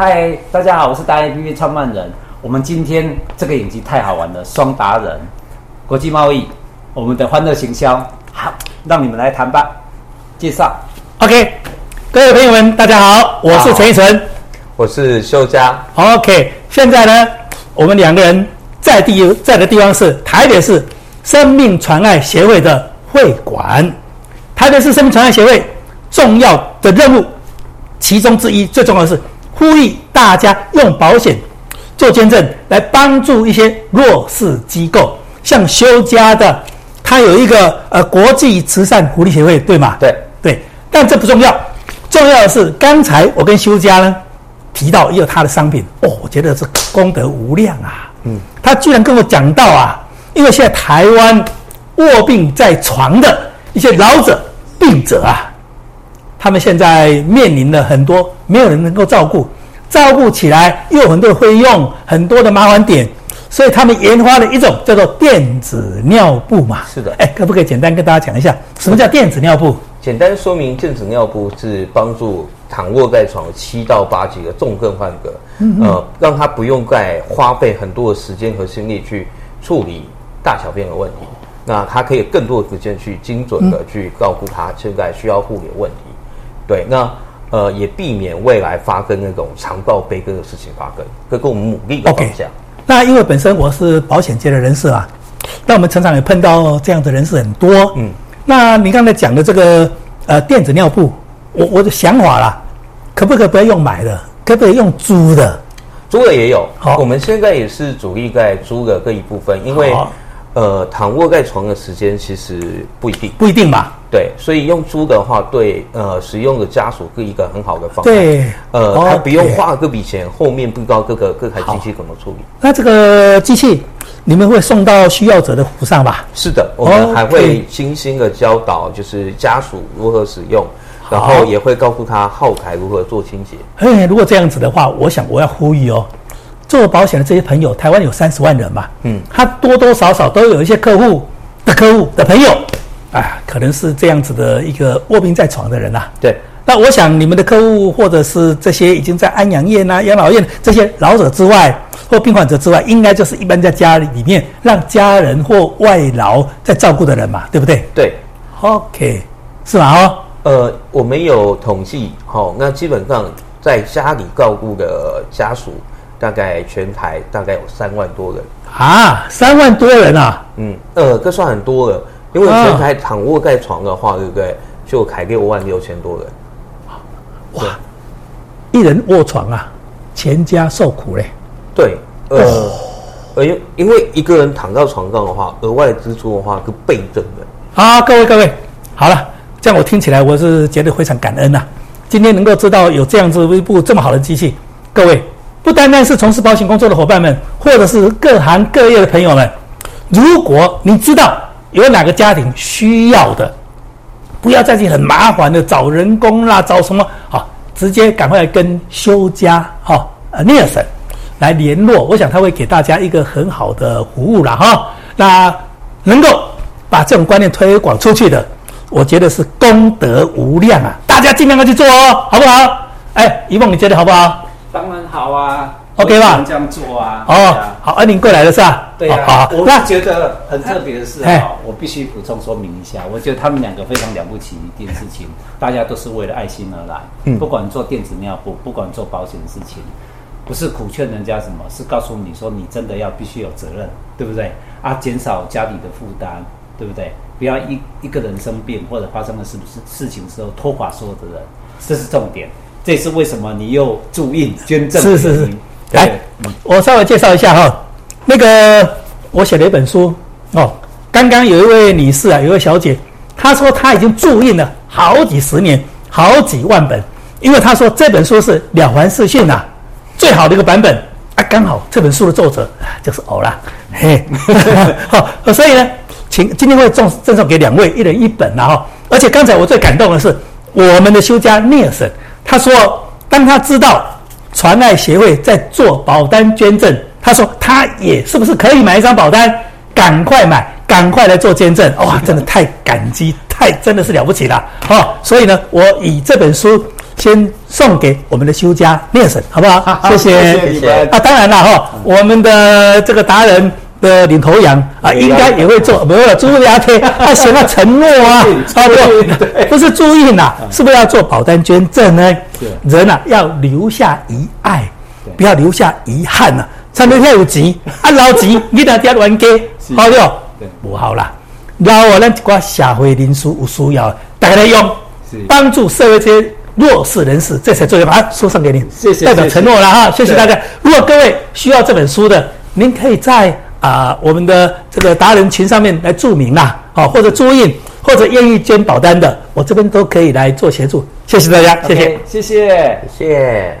嗨，Hi, 大家好，我是大 A P P 創辦人。我們今天這個影集太好玩了，雙達人國際貿易，我們的歡樂行銷，好，讓你們來談吧。介紹，OK，各位朋友們，大家好，我是陳亦純，我是修嘉，OK。現在呢，我們兩個人在地在的地方是台北市生命傳愛協會的會館。台北市生命傳愛協會重要的任務其中之一，最重要的是。呼籲大家用保險做捐贈，來幫助一些弱勢機構，像修嘉的，他有一個呃國際慈善福利協會，對嗎？對對，但這不重要，重要的是剛才我跟修嘉呢提到也有他的商品哦，我覺得是功德無量啊。嗯，他居然跟我講到啊，因為現在台灣臥病在床的一些老者、病者啊。他們現在面臨了很多沒有人能夠照顧，照顧起來又很多會用很多的麻煩點，所以他們研發了一種叫做電子尿布嘛。是的，哎，可不可以簡單跟大家講一下什麼叫電子尿布？嗯，簡單說明，電子尿布是幫助躺臥在床七到八級的重症患者，嗯嗯呃，讓他不用再花費很多的時間和精力去處理大小便的問題，那他可以更多的時間去精準的去照顧他現在需要護理的問題。嗯對，那呃也避免未來發生那種長照悲歌的事情發生，可跟我們努力的方向。Okay. 那因為本身我是保險界的人士啊，但我們常常也碰到這樣的人士很多。嗯，那你剛才講的這個呃電子尿布，我我的想法啦，可不可以不要用買的，可不可以用租的？租的也有。好、哦，我們現在也是主力在租的這一部分，因為、哦、呃躺臥在床的時間其實不一定，不一定吧？對，所以用租的話，對呃，使用的家屬是一個很好的方式。對，呃，哦、他不用花這筆錢，嘿後面不知道各個各台機器怎麼處理。那這個機器，你們會送到需要者的府上吧？是的，我們還會精心的教導，就是家屬如何使用，哦、然後也會告訴他後台如何做清潔。哎，如果這樣子的話，我想我要呼籲哦，做保險的這些朋友，台灣有三十萬人吧，嗯，他多多少少都有一些客戶的客戶的朋友。啊，可能是這樣子的一個臥病在床的人吶、啊。對，那我想你們的客戶或者是這些已經在安養院吶、啊、養老院這些老者之外，或病患者之外，應該就是一般在家裡裡面讓家人或外勞在照顧的人嘛，對不對？對，OK，是吧？哦，呃，我們有統計，好、哦，那基本上在家裡照顧的家屬，大概全台大概有三萬多人啊，三萬多人啊，嗯，呃，這算很多了。因為全台躺臥在床的話，哦、對不對？就開六萬六千多人，哇！對一人臥床啊，全家受苦嘞。對，呃，哦、因為一個人躺到床上的話，額外支出的話是倍增的。好，各位各位，好了，這樣我聽起來我是覺得非常感恩吶、啊。今天能夠知道有這樣子一部這麼好的機器，各位不單單是從事保險工作的夥伴們，或者是各行各業的朋友們，如果你知道。有哪個家庭需要的，不要再去很麻煩的找人工啦，找什麼好直接趕快跟修、啊、來跟修嘉哈呃聶神來聯絡，我想他會給大家一個很好的服務啦哈。那能夠把這種觀念推廣出去的，我覺得是功德無量啊！大家盡量的去做哦，好不好？哎、欸，一夢你覺得好不好？當然好啊，OK 吧？這樣做啊，哦，好，阿寧過來了是吧？對呀，我覺得很特別的事，我必須補充說明一下，我覺得他們兩個非常了不起一件事情，大家都是為了愛心而來，不管做電子尿布，不管做保險的事情，不是苦勸人家什麼，是告訴你說，你真的要必須有責任，對不對？啊，減少家裡的負擔，對不對？不要一一個人生病或者發生了是不是事情的時候拖垮所有的人，這是重點。這是為什麼？你又助印捐贈？是是是，對來，嗯、我稍微介紹一下哈、哦。那個，我寫了一本書哦。剛剛有一位女士啊，有一位小姐，她說她已經助印了好幾十年，好幾萬本，因為她說這本書是《了凡四訓》吶，最好的一個版本啊。剛好這本書的作者就是我啦，嘿，好、 哦，所以呢，請今天會贈贈送給兩位一人一本，然後，而且剛才我最感動的是我們的修嘉涅神。他說：“當他知道傳愛協會在做保單捐贈，他說他也是不是可以買一張保單？趕快買，趕快來做捐贈！哇，真的太感激，太真的是了不起了！好、哦，所以呢，我以這本書先送給我們的修嘉念神，好不好？啊、謝謝，謝謝啊！當然了，哈、哦，我們的這個達人。”的領頭羊啊，應該也會做。沒有朱瑞亞天，他寫了承諾啊，好了，不是注意吶，是不是要做保單捐贈呢？人吶，要留下遺愛，不要留下遺憾吶。差不多要有錢啊，老錢，你哪天亂給？好了，不好了，然後我們一個社會人士有需要，大家來用，幫助社會這些弱勢人士，這才最重要。把書送給你，謝謝。代表承諾了啊，謝謝大家。如果各位需要這本書的，您可以在。啊、呃，我們的這個達人群上面來注明啦、啊、好，或者租印或者願意捐保單的，我這邊都可以來做協助，謝謝大家，謝謝，Okay, 謝謝，謝謝。